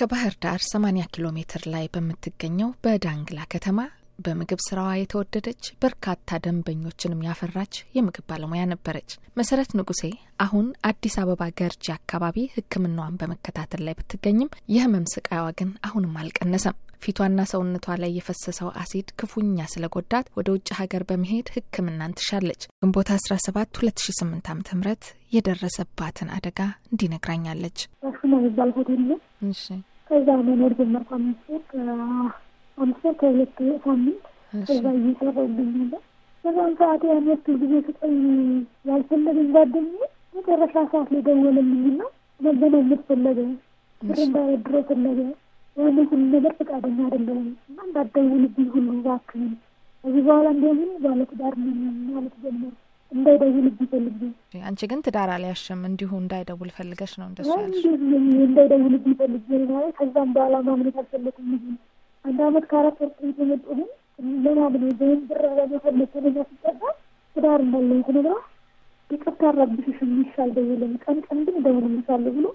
ከባህር ዳር 80 ኪሎ ሜትር ላይ በምትገኘው በዳንግላ ከተማ በምግብ ስራዋ የተወደደች በርካታ ደንበኞችንም ያፈራች የምግብ ባለሙያ ነበረች። መሰረት ንጉሴ አሁን አዲስ አበባ ገርጂ አካባቢ ሕክምናዋን በመከታተል ላይ ብትገኝም የህመም ስቃይዋ ግን አሁንም አልቀነሰም። ፊቷና ሰውነቷ ላይ የፈሰሰው አሲድ ክፉኛ ስለጎዳት ወደ ውጭ ሀገር በመሄድ ሕክምናን ትሻለች። ግንቦት 17 2008 ዓ.ም የደረሰባትን አደጋ እንዲነግራኛለች። ባልሆቴል ነው ከዛ መኖር ጀመር አምስት ወር ከሁለት ሳምንት ከዛ እየሰራ ይገኛለ። በዛም ሰዓት ያን ያክል ጊዜ ስጠኝ ያልፈለገኝ ጓደኝ መጨረሻ ሰዓት ላይ ደወለልኝና መገናኘት ፈለገ፣ ብር እንዳበድሮ ፈለገ። ያንን ሁሉ ነገር ፈቃደኛ አይደለሁም እና እንዳትደውልብኝ ሁሉ እባክህን ከዚህ በኋላ እንዲሆን ባለትዳር ነኝ ማለት ጀመርኩ። እንዳይደውልብኝ ፈልጌ አንቺ ግን ትዳር አልያሽም እንዲሁ እንዳይደውል ፈልገሽ ነው እንደሱ ያልሽ? እንዳይደውልብኝ ፈልጌ ማለት ከዛም በኋላ ማምነት አልፈለኩም። አንድ አመት ከአራት ወር ቤት ግን ለማምን ወይም ብር ለመፈለግ ከነዛ ሲጠጋ ትዳር እንዳለኝ ኩነግራ ይቅርታ አራብሽሽ የሚሻል ደውልም ቀን ቀን ግን እደውልልሻለሁ ብሎ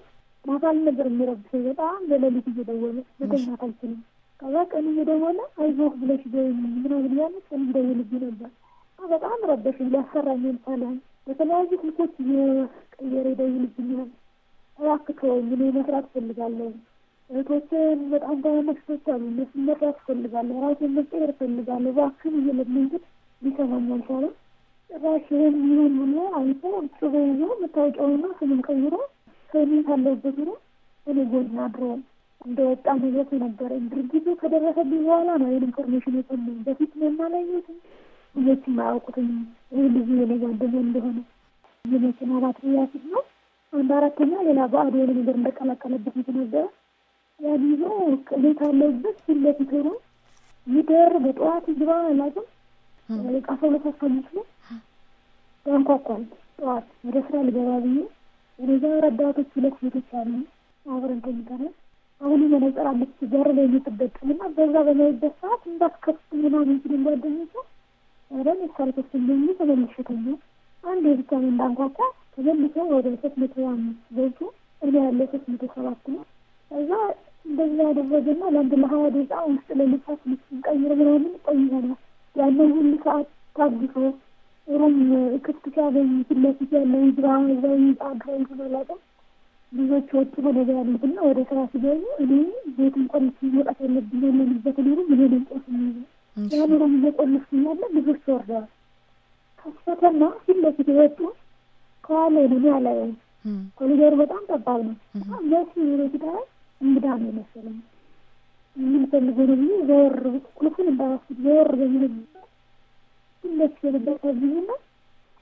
ማታል ነገር የሚረብሸኝ በጣም ለሌሊት እየደወለ መተኛት አልችልም። ከዛ ቀን እየደወለ አይዞህ ብለሽ ደውይ ምናምን እያለ ቀን ደውልብ ነበር። በጣም ረበሽኝ። ሊያሰራኝ አልቻለም። በተለያዩ ስልኮች እየቀየረ ይደውልብኛል። እባክህ ምን መስራት እፈልጋለሁ። እህቶችን በጣም ታናናሽ አሉ። እነሱ መርዳት እፈልጋለሁ። ራሴን መቀየር እፈልጋለሁ። እባክህን እየለመንኩ ሊሰማኝ አልቻለም። ጭራሽ ይህን ይሁን ብሎ አይቶ ጽበ ይዞ መታወቂያውና ስሙን ቀይሮ ከእኔ ካለሁበት ሆኖ እኔ ጎን አድሯል። እንደወጣ ንብረት ነበረኝ። ድርጊቱ ከደረሰብኝ በኋላ ነው ይህን ኢንፎርሜሽን የጠመኝ በፊት መማላየትም ልጆች አያውቁትም። ይህ ልዩ የኔ ጓደኛ እንደሆነ የመኪና ባትሪ ያፊት ነው። አንድ አራተኛ ሌላ በአድ የሆነ ነገር እንደቀላቀለበት የተናገረ ያን ይዞ ቤት አለበት ፊት ለፊት ሆኖ ይደር በጠዋት ግባ አላውቅም ቃሰው ለሳሳ ነው ያንኳኳል። ጠዋት ወደ ስራ ልገባ ብዬ ወደዛ ረዳቶች ሁለት ሴቶች አሉ አብረን ተኝተናል። አሁን የመነጽር አምስት በር ላይ የሚጥበጥልና በዛ በማይበት ሰዓት እንዳትከፍት ምናምን ሲል ጓደኞች ወደም የተሰረተችልኝ ተመልሼ ተኛሁ። አንድ የብቻ እንዳንኳኳ ተመልሶ ወደ ሶስት መቶ አምስት ገብቶ እኔ ያለ ሶስት መቶ ሰባት ነው። ከዛ እንደዛ ያደረገና ለአንድ ለሀያ ደቂቃ ውስጥ ለልፋት ቀይር ምናምን ቆይተናል። ያለው ሁሉ ሰዓት ታግሶ ሩም ክፍት ሲያገኝ ፊት ለፊት ያለው ይግባ እዛ አድሮ ይዞላቅም ልጆች ወጡ ወደዛ ያሉትና ወደ ስራ ሲገቡ እኔ ቤትን ቆልቼ መውጣት ያለብኝ ያለንበት ኑሩ ምን ሄደን ነው የአኑሮም እየቆለፍኩ እያለ ልጆች ወርደዋል። ከስተተና ፊት ለፊት የወጡ ከኋላ ሆነ ያላየው ኮሪደሩ በጣም ጠባብ ነው። በጣም ለሱ ሮኪታ ላይ እንግዳ ነው የመሰለኝ የምንፈልገ ነው ብዬ ዘወር ቁልፉን እንዳባስት ዘወር በሚል ፊት ለፊት የነበረ ብዬና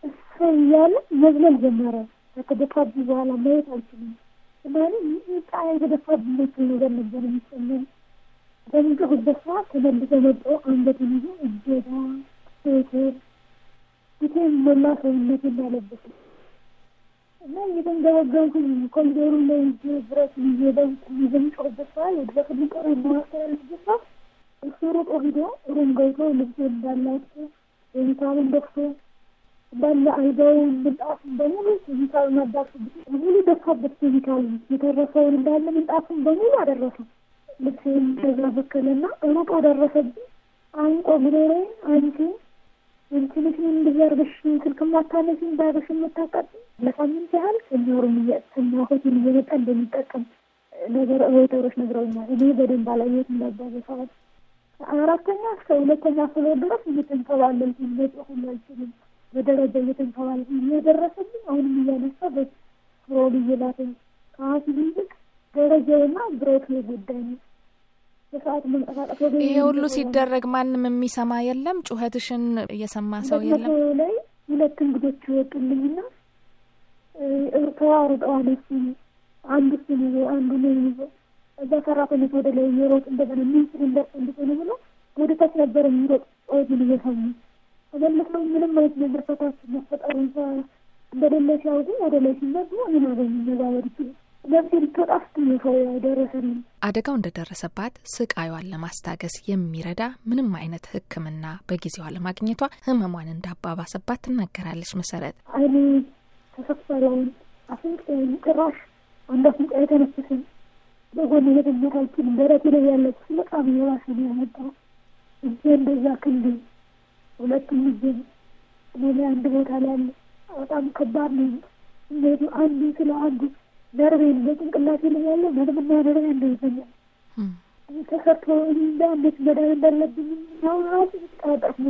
እሱ እያለ መዝለል ጀመረ። ከተደፋብኝ በኋላ ማየት አልችልም። ማለ ጣ የተደፋብኝ ነው ነበር የሚሰማኝ በሚጮህበት ሰዓት ተመልሶ መጦ አንገቱን ይዞ እጀታ፣ ቴቴር ፊቴን ሞላ ሰውነት እናለበት እና እየተንገበገብኩኝ ኮሪደሩ ላይ ይዤ ብረት ይዤ በብት በሚጮህበት ሰዓት በትልቅ ሩም ማስተላለፍበት ሰዓት እሱ ሩጦ ሂዶ ሩም ገብቶ ልብሴ እንዳላውቅ የሂሳብን ደፍቶ ባለ አልጋውን ምንጣፉን በሙሉ ሂሳብ ማዳርሱበት ሙሉ ደፋበት ሂሳብ የተረፈውን እንዳለ ምንጣፉን በሙሉ አደረሰው። ልብሴን ከዛ ና ሩጦ ደረሰብኝ። አንቆ ብሎረ አንቺ አንቺ ልጅ ምን እንደዚህ አድርገሽ ስልክ ማታነሽ እንዳርገሽ የምታቃጥ ለሳምንት ያህል ሰኛሩም ሰኛ ሆቴል እየመጣ እንደሚጠቀም ነገር ሮይተሮች ነግረውኛል። እኔ በደንብ አላየት እንዳባዘ ሰዓት አራተኛ እስከ ሁለተኛ ፍሎር ድረስ እየተንከባለልኩ መጽሁ አልችልም። በደረጃ እየተንከባለልኩ እየደረሰብኝ አሁንም እያነሳ በሮል እየላተኝ ከሀሲ ይልቅ ደረጃዬና ብሮት ጉዳይ ነው። ይሄ ሁሉ ሲደረግ ማንም የሚሰማ የለም። ጩኸትሽን እየሰማ ሰው የለም። ላይ ሁለት እንግዶች ይወጡልኝና ተሯሩጠዋል። እሱ አንዱ እሱን ይዞ አንዱ ነ ይዞ እዛ ሰራተኞች ወደ ላይ የሮጥ እንደገና ምንችል እንደርስ እንድሆነ ብሎ ወደ ታች ነበር የሚሮጥ ጩኸትን እየሰሙ ተመልስ ነው ምንም አይነት ነገር ፈታች መፈጠሩን እንደሌለ ሲያውቁ ወደ ላይ ሲመጡ ምን አገኙ ነዛ ይችላል አደጋው እንደደረሰባት ስቃዩዋን ለማስታገስ የሚረዳ ምንም አይነት ሕክምና በጊዜዋ ለማግኘቷ ህመሟን እንዳባባሰባት ትናገራለች። መሰረት አይኔ ተሰፈረውን አፍንጫዬን ጭራሽ አንድ አፍንጫ የተነፍስም በጎን የተመታችን ደረቴ ላይ ያለች በጣም የባሰ ነው ያመጣው። እጄ እንደዛ ክንድ ሁለቱም እጄም እኔ አንድ ቦታ ላይ ያለ በጣም ከባድ ነው። አንዱ ስለ አንዱ ነርቤን በጭንቅላቴ ጭንቅላት ያለው ምንምና ነርቤ እንደይዘኛል ተሰርቶ እንዳ እንዴት መዳን እንዳለብኝ አሁን ራሱ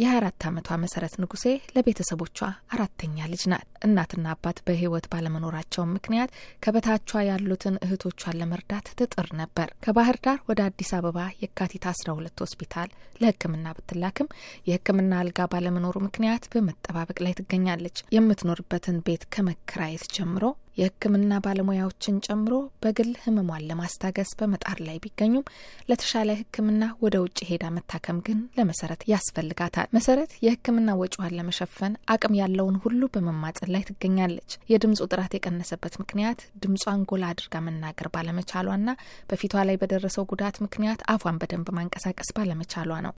የአራት ዓመቷ መሰረት ንጉሴ ለቤተሰቦቿ አራተኛ ልጅ ናት። እናትና አባት በሕይወት ባለመኖራቸው ምክንያት ከበታቿ ያሉትን እህቶቿን ለመርዳት ትጥር ነበር። ከባህር ዳር ወደ አዲስ አበባ የካቲት ሁለት ሆስፒታል ለሕክምና ብትላክም የሕክምና አልጋ ባለመኖሩ ምክንያት በመጠባበቅ ላይ ትገኛለች። የምትኖርበትን ቤት ከመከራየት ጀምሮ የሕክምና ባለሙያዎችን ጨምሮ በግል ህመሟን ለማስታገስ በመጣር ላይ ቢገኙም ለተሻለ ሕክምና ወደ ውጭ ሄዳ መታከም ግን ለመሰረት ያስፈልጋታል። መሰረት የሕክምና ወጪዋን ለመሸፈን አቅም ያለውን ሁሉ በመማጸን ላይ ትገኛለች። የድምፁ ጥራት የቀነሰበት ምክንያት ድምጿን ጎላ አድርጋ መናገር ባለመቻሏና በፊቷ ላይ በደረሰው ጉዳት ምክንያት አፏን በደንብ ማንቀሳቀስ ባለመቻሏ ነው።